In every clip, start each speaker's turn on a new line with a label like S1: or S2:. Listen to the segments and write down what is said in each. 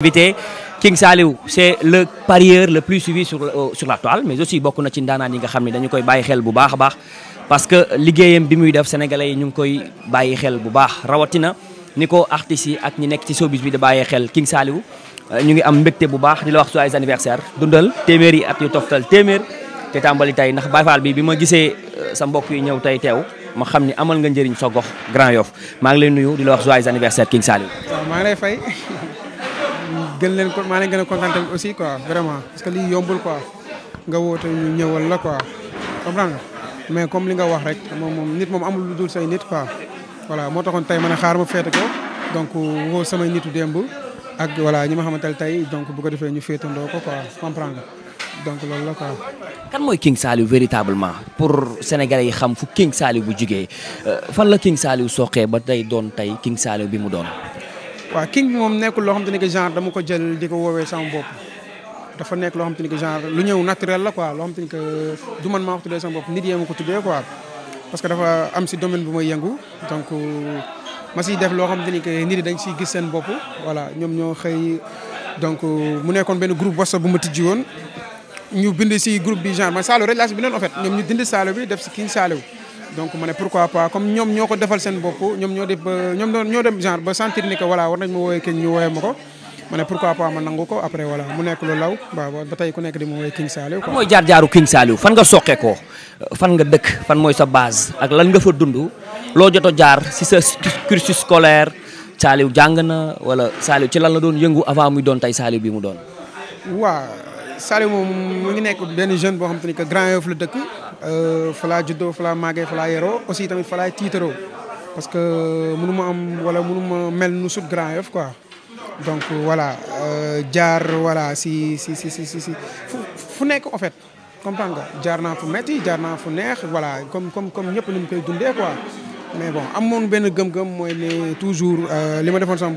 S1: invité King Saliou c'est le parieur le plus suivi sur euh, sur la mais aussi bokk na ci ndaanaan yi nga xam ne dañu koy bàyyi xel bu baax a baax parce que liggéeyam bi muy def sénégalais yi ñu ngi koy bàyyi xel bu baax rawatina ni ko artistes yi ak ñi nekk ci showbiz bi di bàyyi xel King Saliou euh, ñu ngi am mbégte bu baax di la wax joyeux anniversaire dundal téeméer yi at yu toftal téeméer te tàmbali tey ndax Baye Fall bi bi ma gisee euh, sa mbokk yi ñëw tey teew ma xam ni amal nga njëriñ sa gox maa ngi lay nuyu di la wax joyeux anniversaire King Saliou
S2: gën leen ko maa leen gën a kontaan aussi quoi vraiment parce que lii yombul quoi nga woote ñu ñëwal la quoi comprendre mais comme li nga wax rek moom moom nit moom amul lu dul say nit quoi voilà moo taxoon tey man a xaar ma féete ko donc woo nitu démb ak voilà ñi ma xamante ne tey donc bu ko defee ñu féetandoo ko quoi comprendre nga donc loolu la quoi.
S1: kan mooy King Saliou véritablement pour sénégalais yi xam fu King Saliou bu jugee euh, fan la King Saliou soqee ba tey doon tey King Saliou bi mu doon.
S2: waaw king bi moom nekkul loo xamante ni que genre dama ko jël di ko woowee sama bopp dafa nekk loo xamante ni que genre lu ñëw naturel la quoi loo xamante ni que du man maa ko tuddee sama bopp ko tuddee quoi que dafa am si domaine bu may yëngu donc ma siy def loo xamante ni que nit yi dañ siy gis seen bopp voilà ñoom ñoo xëy donc mu nekkoon benn groupe WhatsApp bu ma tijji woon ñu bind si groupe bi genre man Salo rek laa si bindoon en fait ñoom ñu dindi Salo bi def si King Salo donc ma pour pourquoi pas comme ñoom ñoo ko defal seen bopp ñoom ñoo def ba ñoom ñoo dem genre ba sentir ni que voilà war nañ ma woowee King ñu woowee ko ma ne pourquoi pas ma nangu ko après voilà mu nekk lu law waaw ba tey ku nekk di ma woowee
S1: mooy jaar jaaru King Saliou fan nga soqeekoo fan nga dëkk fan mooy sa base ak lan nga fa dund loo jot a jaar si sa cursus scolaire Saliou jàng na wala Saliou ci lan la doon yëngu avant muy doon tey Saliou bi mu doon.
S2: waaw. Salut je suis ngi jeune boo xam que Grand Yoff la dëkk euh, fa laa aussi tamit parce que euh, nous ma am wala Grand Yoff quoi donc euh, voilà jaar voilà si si si si si fu en fait comprends quoi jaar n'a fu metti jaar n'a fu voilà comme comme comme koy quoi mais bon toujours les ma sama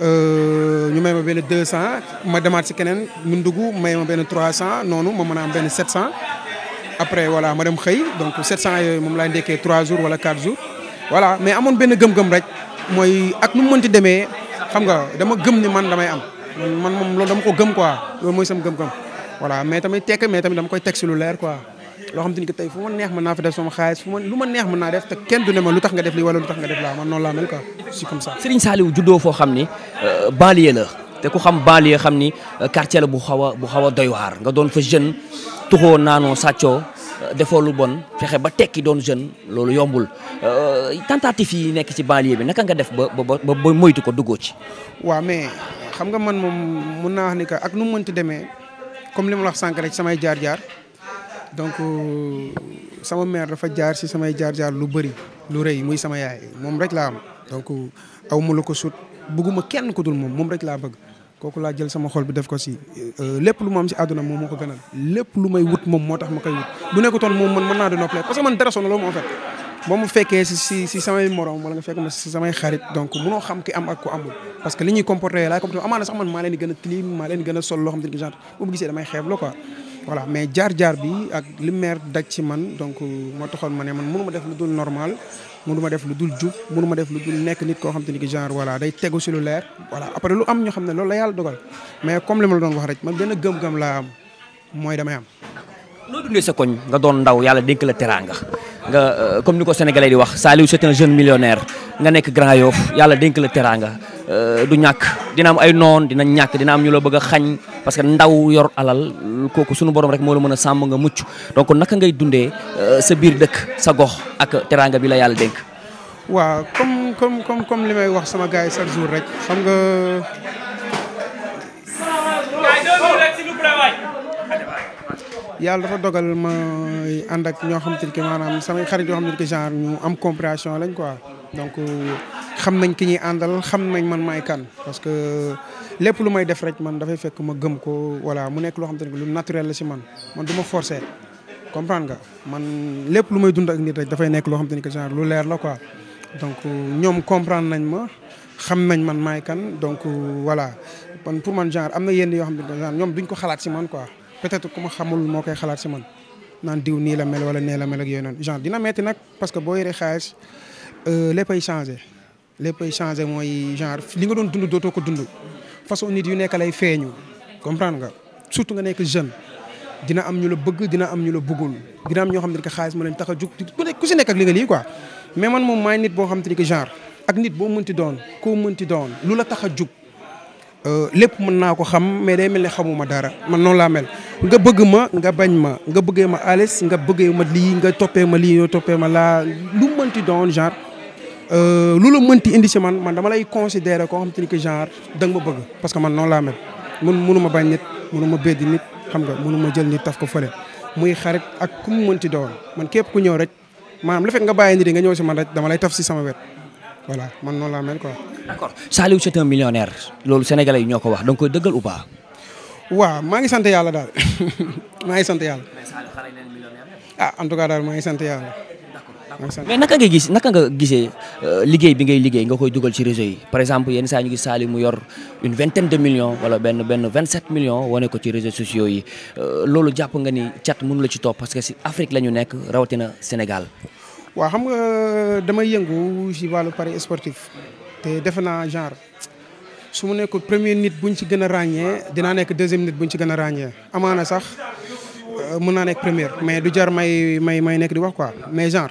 S2: Euh, ñu may ma benn deux 200 ma demaat si keneen mu dugg may ma benn trois 300 noonu ma mën a am benn 700. après voilà ma dem xëy donc 700 yooyu moom laay ndekkee 3 jours wala 4 jours voilà mais amoon benn gëm-gëm rek mooy ak nu mu mënti demee xam nga dama gëm ne man damay am man moom loolu dama ko gëm quoi loolu mooy sama gëm-gëm voilà mais tamit tekk mais tamit dama koy teg si lu leer quoi. loo xam te ni que tey fu ma neex mën naa fa def sama xaalis fu ma lu ma neex mën naa def te kenn
S1: du ne ma lu tax nga def lii wala lu tax nga def laa man noonu laa mel quoi c'est comme ça. Serigne foo xam ni euh, banlieue la te ku xam banlieue xam ni euh, quartier la bu xaw a bu xaw a doy nga doon fa jeune tuxoo naanoo sàccoo euh, defoo lu bon fexe ba tekki doon jeune loolu yombul tentative yi nekk ci banlieue bi naka nga def ba ba ba moytu ko duggoo ci. waaw mais
S2: xam nga man moom mun naa wax ni que ak nu mu ti demee comme li ma la wax sànq rek samay jaar-jaar. donc euh, sama mère dafa jaar si samay jaar-jaar lu bari lu rëy muy sama yaay moom rek laa am donc euh, aw ma la ko sut bëgguma kenn ku dul moom moom rek laa bëgg kooku laa jël sama xol bi def ko si euh, lépp lu ma am si àdduna moom moo ko gënal lépp lu may man naa di noppale parce que man dara sonaloo ma en fait boo fekkee si si si samay morom wala nga fekk ma si samay xarit donc munoo xam ki am ak ku amul parce que li ñuy comporté laay comporté amaana sax man maa leen gën a clim maa leen gën sol loo xam te ne genre voilà mais jaar-jaar bi ak li meer daj ci man donc moo taxoon ma ne man mënu ma def lu dul normal mënu def lu dul jub mënu def lu dul nekk nit koo xam te ni ki genre voilà day tegu si lu leer voilà après lu am ñoo xam ne loolu la yàlla dogal mais comme li ma la doon wax rek man benn gëm-gëm laa am mooy damay am
S1: noo dundee sa koñ nga doon ndaw yàlla dénk la teraanga nga euh, comme ni ko sénégalais di wax Saliou c'est un jeune millionnaire nga nekk Grand Yoff yàlla dénk la teraanga Eh, du ñak dina am ay nyak, dina ñak dina am ñu la bëgg xagn parce que ndaw yor alal koku suñu borom rek mo la mëna sam nga mucc donc nak ngay dundé eh, sa bir dekk sa gox ak teranga bi la yalla denk
S2: wa comme comme comme comme limay wax sama gaay yi chaque jour rek xam nga yalla dafa dogal ma andak ak ñoo xam te ne xarit yo xam genre ñu am compréhension lañ quoi donc xam nañ ki ñi andal xam nañ man may kan parce que lepp lu may def rek man fay fekk ma gëm ko voilà mu nekk lo xamanteni lu naturel la ci man man duma forcer comprendre nga man lepp lu may dund ak nit rek dafay nekk loo xam te que genre lu leer la quoi donc ñom comprendre nañ ma xam nañ man may kan donc voilà man pour man genre amna yenn yoo genre ñom duñ ko xalaat ci man quoi peut-être kuma xamul mo koy xalaat ci man nan diw ni la mel wala ne la mel ak yoy non genre dina metti nak parce que boy yoree xaalis Euh, léppay changé léppay changé mooy genre li nga doon dund dootoo ko dund façon nit yu nekk lay feeñu comprendre nga surtout nga nekk jeune dina am ñu la bëgg dina am ñu la bëggul dina am ñoo xam ne que xaalis ma leen tax a jug ku si nekk ak li nga lii quoi mais man moom maay nit boo xam te ni ak nit boo mënti doon koo mënti doon lu la tax a jug euh, lépp mën naa ko xam mais day mel ne xamuma dara man noonu laa mel nga bëgg ma nga bañ ma nga bëggee ma alis nga bëggee ma lii nga toppee ma lii nga toppee ma laa lu mënti doon genre Euh, lolu mën ti indi si man man dama lay considérer ko xam te que genre da nga ma bëgg parce que man non la mel mën munu ma bañ nit munu ma beddi nit xam nga munu ma jël nit taf ko fële muy xarit ak ku mu ti doon man képp ku ñëw rek manam la fekk nga bayé nit nga ñëw ci man rek dama lay taf si sama wét voilà man non la mel quoi.
S1: d'accord Saliou c'est un millionnaire lolu sénégalais yi ñoo ko wax da nga koy dëggal ou pas.
S2: waaw ma ngi sante yalla ah, daal maa ngi sant yàlla. ah en tout cas dal ma ngi sante yalla
S1: mais naka nga gis naka nga gisee euh, liggéey bi ngay liggéey nga koy dugal ci réseau yi par exemple yenn saa ñu gis Saly mu yor une vingtaine de millions wala benn benn vingt sept millions wane ko ci réseaux sociaux yi euh, loolu jàpp nga ni cat mënu la ci topp parce que si Afrique nekk rawatina Sénégal.
S2: waaw xam nga damay yëngu si wàllu pari sportif te defe naa genre su mu nekk premier nit buñ ci gën a ràññee dinaa nekk deuxième nit buñ ci gën a ràññee amaana sax euh, mën naa nekk première mais du jar may may may nekk di wax quoi mais genre.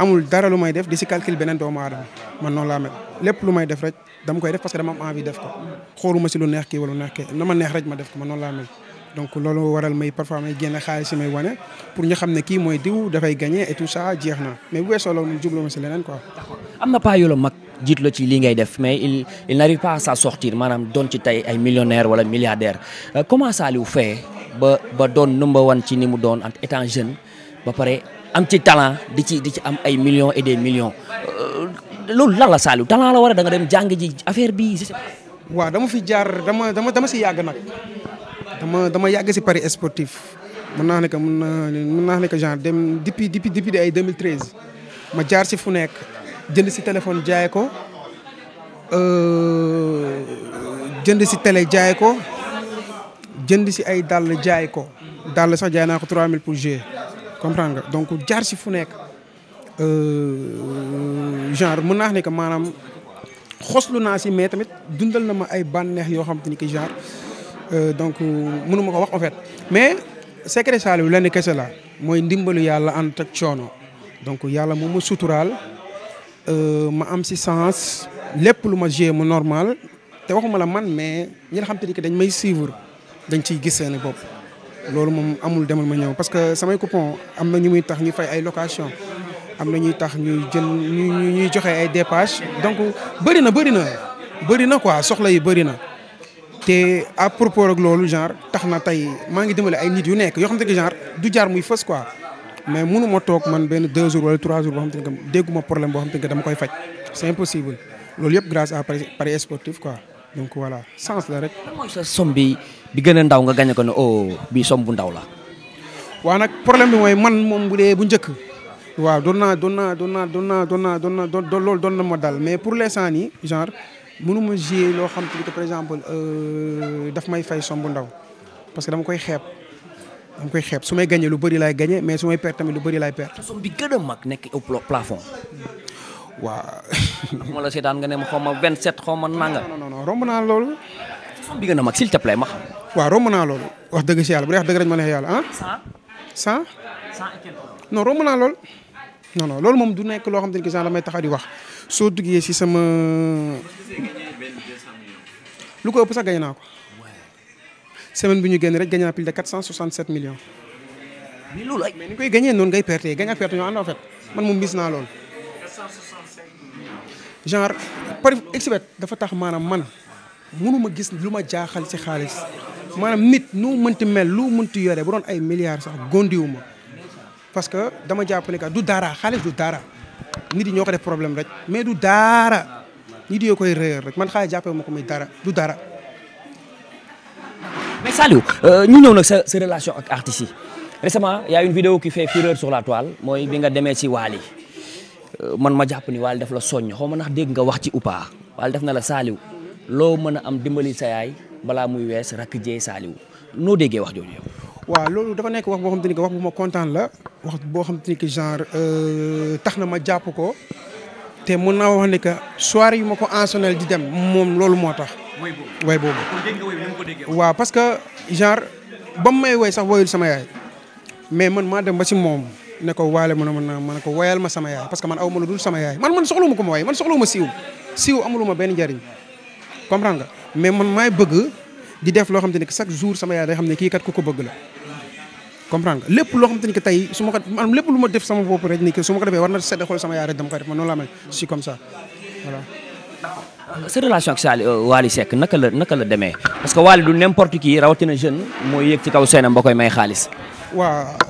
S2: amul dara lu may def di si calcule beneen doomu aadama man noonu laa mel lépp lu may def rek dama koy def parce que dama am envie def ko xooluma si lu neex kii wala lu neex kii na ma neex rek ma def ko ma noon laa mel. donc loolu waral may parfois may génne xaalis pour ñu xam ne kii mooy diw dafay gagné et tout jeex na mais bu weesoo loolu ma si leneen quoi.
S1: am na pas yu mag jiitu la ci li ngay def mais il na n'arrive pas à s'en sortir maanaam doon ci tey ay millionnaire wala milliardaire euh, comment ça lui fait ba ba doon number one ci ni mu doon en étant jeune. ba pare am ci talent di ci di ci am ay millions et des millions euh, loolu lan la Saliou talent la war a da dem jàng ji affaire bi waaw dama fi jaar dama dama dama si yàgg nag dama
S2: dama yàgg si Paris sportif mën naa ne que mën naa mën naa ne que genre dem depuis depuis depuis ay 2013 ma jaar si fu nekk jënd si téléphone jaay ko euh, jënd si télé jaay ko jënd si ay dàll jaay ko dàll sax jaay naa ko mille pour jouer comprendre nga donc jaar si fu nekk euh, genre mun naax nekk maanaam xoslu naa si mais tamit dundal na ma ay bànneex yoo xam te ni que genre euh, donc mënu ko wax en fait mais secret Saliou lenn kese la mooy ndimbalu yàlla ànd ak coono donc yàlla moom ma suturaal euh, ma am si sens lépp lu ma gée mu normal te waxuma la man mais ñi nga xam te ni que dañ may suivre dañ ciy gis seen bopp lolu mom amul demal ma ñew parce que samay coupon amna na ñu muy tax ñu fay ay location amna na ñuy tax ñuy jël ñu ñuy joxé ay dépêche donc bëri na bëri na bëri na quoi soxla yi bëri na. te à propos ak lolu genre taxna tay ma ngi dimbale ay nit yu nekk yo xam te ne genre du jaar muy fës quoi mais mënu tok man ben 2 jours wala 3 jours bo xam te ne dégguma problème bo xam te ne dama koy fajj c'est impossible lolu yépp grâce à Paris Sportif quoi. donc voilà
S1: chance la rek. lan bi bi gëna ndaw nga gagné ko ne oh bii somme bu ndaw la.
S2: waa nag problème bi mooy man moom bu dee bu njëkk. waaw doon naa doon naa doon naa doon naa doon naa doon naa doon loolu doon na ma dal mais pour l'instant nii genre mënu ma jouer loo xam te par exemple euh, daf may fay somme bu ndaw parce que dama koy xeeb. dama koy xeeb su may gañee lu bari laay gagné mais su may perte tamit lu bëri laay perte.
S1: somme bi gën a mag nekk au plafond. wa ma la seetaan nga ne ma xaw ma 27 xaw ma nanga non non romb naa loolu son bi gën a mag s'il te plaît ma wa romb naa loolu
S2: wax dëgg si yàlla bu wax dëgg rek ma neex yàlla ah cent cent non romb naa loolu non non loolu moom du nekk loo xam te ne ki sax damay taxaw di wax soo duggee si sama lu ko ëpp sax gañ naa ko semaine bi ñu génn rek gañ naa plus de 467 millions mais loolu ay mais ni koy gañee noonu ngay perte gañ perte ñoo ànd fait man moom gis naa loolu genre par exemple dafa tax manam man mënuma gis Luma jaaxal ci xaalis manam nit nu mënti mel lu mënti yore bu don ay milliards sax gondiwu ma parce que dama jàpp ne du dara xaalis du dara nit yi ñoo def problème rek mais du dara nit yoo koy
S1: réer rek man xaalis jàppee ma ko muy dara du dara. mais salut, euh, ñu ñew nak sa relation ak artiste yi récemment y a une vidéo qui fait fureur sur la toile moy bi nga demee ci Wali. man ma jàpp ni Wally def la soññ xaw ma ndax dégg nga wax ci ou pas Wally def na la saaliw loo mën a am dimbali sa yaay balaa muy wees rakk jeey saaliw noo déggee wax jooju yow.
S2: waaw loolu dafa nekk wax boo xam te ni ko wax bu ma kontaan la wax boo xam te ni que genre euh, tax na ma jàpp ko te mën naa wax ne que soirée yu ma ko ensonnel di dem moom loolu moo tax.
S1: way boobu waa boobu.
S2: parce que genre ba mu may woy sax woyul sama yaay mais man maa dem ba si moom. ne ko waale mu ne mën na ma ne ko ma sama yaay parce que man aw ma lu dul sama yaay man man soxlawuma ko ma waay man soxlawuma siiw siiw amuluma benn njariñ comprendre nga mais man maay bëgg di def loo xam te ne que chaque jour sama yaay day xam ne kii kat ku ko bëgg la comprendre nga lépp loo xam te ne que tey su ma ko lépp lu ma def sama bopp rek ni ma ko defee war na sedd xool sama yaay rek dama koy def man noonu laa mel je comme ça voilà
S1: relation ak Sali euh, Wally Seck naka la naka la demee parce que Wally du n'importe qui rawatina jeune mooy yëg ci kaw seenam ba koy may xaalis
S2: waaw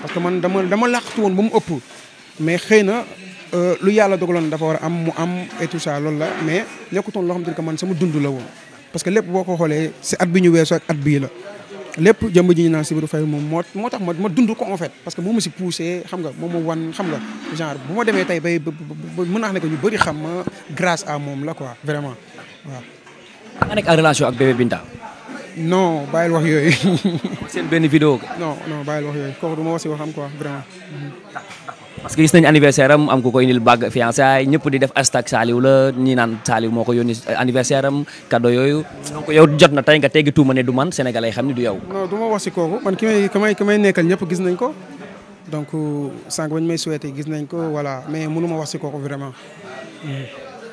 S2: parce que man dama dama laxtu won ba mu ëpp mais xeyna euh lu yalla dogaloon dafa wara am mu am et tout ça lool la mais nekkutoon lo xamante ni que man sama dund la woon. parce que lepp boko xolé ci at biñu ñu ak at bi la lepp jëm ji na Sibiru fay mom motax moo tax ma ma ko en fait. parce que moo ma si poussé xam nga moo ma wan xam nga genre buma ma tay tey bay ba ba mën ne que ñu bari xam grâce à mom la quoi vraiment wa
S1: maa nekk ak relation ak bébé Binta.
S2: non bàyyil wax yooyu.
S1: seen benn vidéo.
S2: non non bàyyil wax yooyu kooku du ma wax si waxam quoi
S1: parce que gis nañ anniversaire am am ku ko indil bague ñëpp di def hashtag Saliou la ñi naan moo ko yónni anniversaire am cadeau yooyu. donc yow jot na tey nga teggi tuuma ne du man sénégalais xam ne du yow.
S2: non du ma wax si kooku man ki may ki may gis nañ ko. donc sànq bañ may souhaité gis nañ ko wala mais mënu ma wax si kooku vraiment.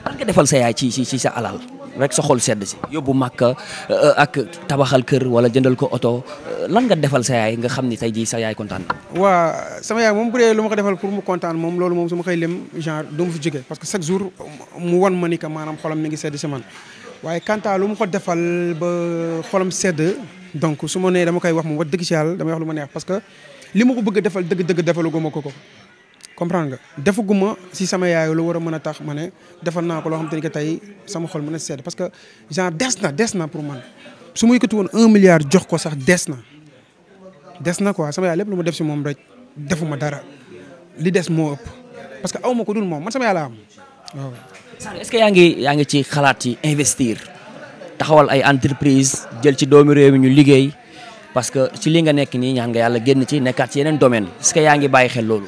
S1: lan nga defal sa yaay ci ci ci sa alal. rek sa xol sedd si yóbbu màkka euh, ak tabaxal kër wala jëndal ko oto euh, lan nga defal sa yaay nga xam ni tey jii sa yaay kontaan
S2: waa sama yaay moom bu dee lu ma ko defal pour mu kontaan moom loolu moom su ma koy lem genre du ma fi jógee parce que chaque jour mu wan ma ni que maanaam xolam mi ngi sedd si man waaye kanta lu ma ko defal ba xolam sedd donc su ma nee dama koy wax moom wax dëgg si yàlla damay wax lu ma neex parce que li ma ko bëgg defal dëgg-dëgg defalu guma ko ko comprendre nga guma si sama yaay lu wara meuna tax mané defal naa ko sama xol meuna a parce que genre desna desna pour man su muy yëkkati won 1 milliard jox ko sax desna desna sama yaay lepp lu def ci mom rek defuma dara li des mo upp parce que aw ko dul mom man sama yaay la am
S1: sax est-ce que yaangi yaangi ci khalat ci investir taxawal ay entreprise jël ci domi rew mi ñu liggéey parce que ci li nga nek ni ñaan nga yalla genn ci nekkat ci yenen domaine est-ce que yaangi baye xel lolu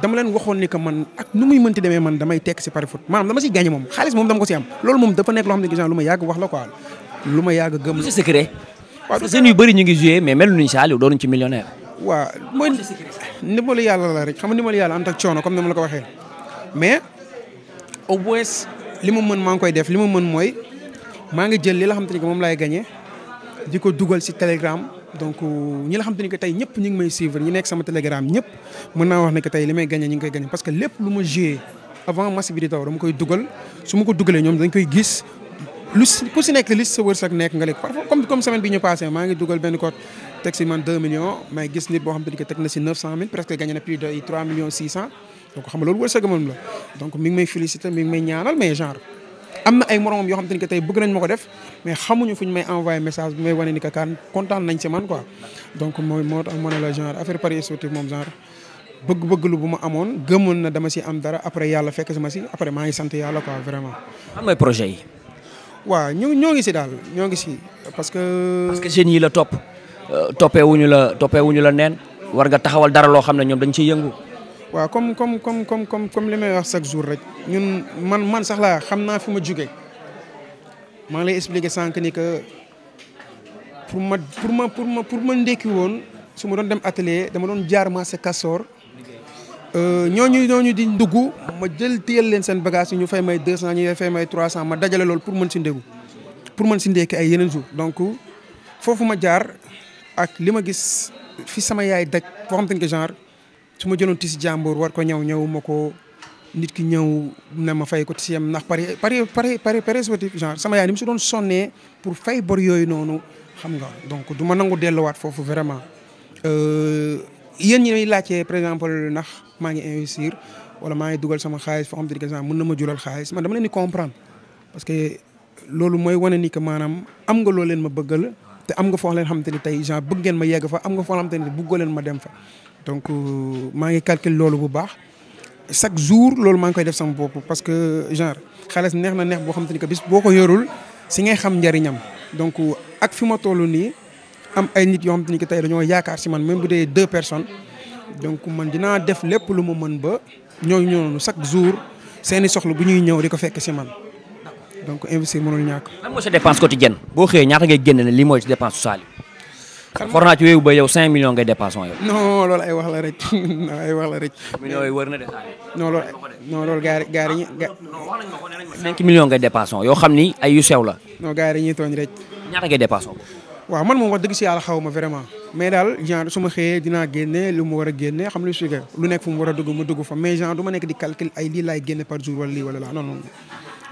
S2: dama leen waxoon ni que man ak nu muy ti demee man damay tekk si pari foot maanaam dama siy gagné moom xaalis moom dama ko si am loolu moom dafa nekk loo xam ne genre lu
S1: ma lu ma yàgg gëm la. c'est secret. bëri ñu ngi joué mais mel nuñ Saliou doonuñ ci millionnaire.
S2: waaw yàlla la rek xam ma ndimbalu yàlla ànd ak coono comme ni ma la ko waxee mais au moins li ma mën maa ngi koy def li ma mën mooy maa ngi jël li la xam te ni que moom laay gagné di ko dugal si telegram donc euh, ñi la xam te ni que tey ñëpp ñu ngi may suivre ñi nekk sama telegram ñëpp mën naa wax ne que tey li may gagné ñu ngi koy gagné parce que lépp lu ma joué avant match di taw dama koy dugal su ma ko dugalee ñoom dañ koy gis lu si ku si nekk li sa wërsëg nekk nga lekk parfois comme semaine bi ñu passé maa ngi dugal benn code teg si man 2 millions may gis nit boo xam te ni que teg na si 900000 presque gagné na plus de 3 millions 600 am na ay moromam yoo xam te ni que tey bëgg nañ ma ko def mais xamuñu fu ñu may envoyé message bi may wane ni que kaan kontaan nañ ci man quoi. donc mooy moo tax ma ne la genre affaire moom genre bëgg-bëgg lu ma amoon gëmoon na dama si am dara après yàlla fekk si ma si après maa ngi sant yàlla quoi vraiment.
S1: am na projet yi.
S2: waa ñu ñoo ngi si daal ñoo ngi si
S1: parce que. parce yii la topp euh, toppee wuñu la toppee wuñu la neen war nga taxawal dara loo xam ne ñoom dañ ciy yëngu.
S2: waaw comme comme comme comme comme comme li may wax chaque jour rek ñun man man sax laa xam naa fi ma jugee maa ngi lay expliquer sànq ni que pour ma pour ma pour ma pour ma ndekki woon su ma doon dem atelier dama doon jaar marché Castor euh, ñooñu ñooñu di dugg ma jël téyel leen seen bagage yi ñu fay may 200 ñu fay may 300 ma dajale loolu pour mën si ndégu pour mën si ndekki ay yeneen jour donc foofu ma jaar ak li ma gis fi sama yaay daj foo xamante ni que genre. su ma jëloon tisi jàmbur war ko ñëw ñëw ma ko nit ki ñëw na ma fay ko tisi yam ndax pare pare pare pare pare sportif genre sama yaay ni mu si doon sonnee pour fay bor yooyu noonu xam nga donc du ma nangu delluwaat foofu vraiment. Euh, yéen ñi may laajte par exemple ndax maa ngi investir wala maa ngi dugal sama xaalis foo xam te exemple mën na ma jural xaalis man dama leen di comprendre parce que loolu mooy wane ni que maanaam am nga loo leen ma bëggal te am nga foo leen xamante ni tey genre ma yegg fa am nga leen ma dem fa. donc euh, maa ngi calcule loolu bu baax chaque jour loolu mang koy def sama bop parce que genre xaalis neex na neex bo xam ko bis boko yorul si ngay xam njariñam donc ak fi ma tolu ni am ay nit yo xam te ni que tey dañoo yaakaar si man même bu dee deux personnes donc man dina def lepp lu ma mën ba ñooñu ñooñu chaque jour seeni soxlu bu ñuy ñëw diko fekk si man donc investir mënul ñak
S1: lan mooy sa dépense quotidienne boo xëyee ñaata ngay génne li moy mooy dépense su for naa ci wéyu ba yow 5 millions ngay dépassé yow.
S2: non loolu ay wax la rek ay na de non loolu non loolu gaari gaari ñi.
S1: 5 millions ngay dépassé yoo xam ni ay yu sew la.
S2: non gaar ñi tooñ rek.
S1: ñaata ngay dépassé
S2: waaw man moom wax dëgg si xaw ma vraiment mais daal genre su ma xëyee dinaa génne lu ma war a génne xam lu suga lu nekk fu mu war a ma dugg fa mais genre du nekk di calcul ay lii laay génne par jour wala lii wala laa non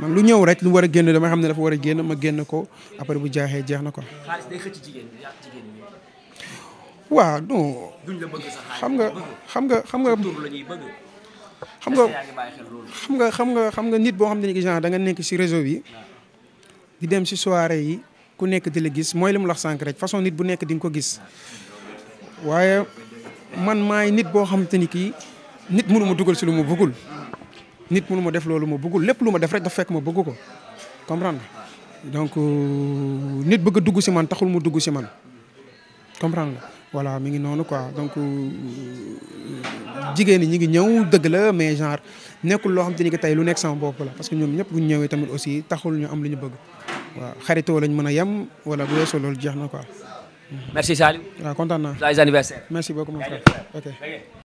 S2: man lu ñëw rek lu war a génne dama xam ne dafa war a génn ma génn ko après bu jaaxee jeex na ko. Wah, no. xam nga xam nga xam nga
S1: xam nga xam
S2: nga xam nga xam nga nit boo xam ne genre da nga nekk si réseau bi di dem si soirée yi ku nekk di la gis mooy li mu lax rek façon nit bu nekk di ko gis waaye man maay nit boo xam te kii nit mënu ma dugal si lu ma bëggul nit mënu ma def loolu ma bëggul lépp lu ma def rek dafa fekk ma comprendre donc euh, nit bëgg dugg si man taxul mu dugg man comprendre voilà mi ngi noonu quoi donc euh, jigéen ñi ñu ngi ñëw dëgg la mais genre nekkul loo xam te ni que tey lu nekk sama bopp la parce que ñoom ñëpp bu ñu ñëwee tamit aussi taxul ñu am lu ñu bëgg waaw xaritoo lañ mën a yem wala bu weesoo loolu jeex na quoi.
S1: merci kontaan naa. joyeux
S2: merci beaucoup mon ok.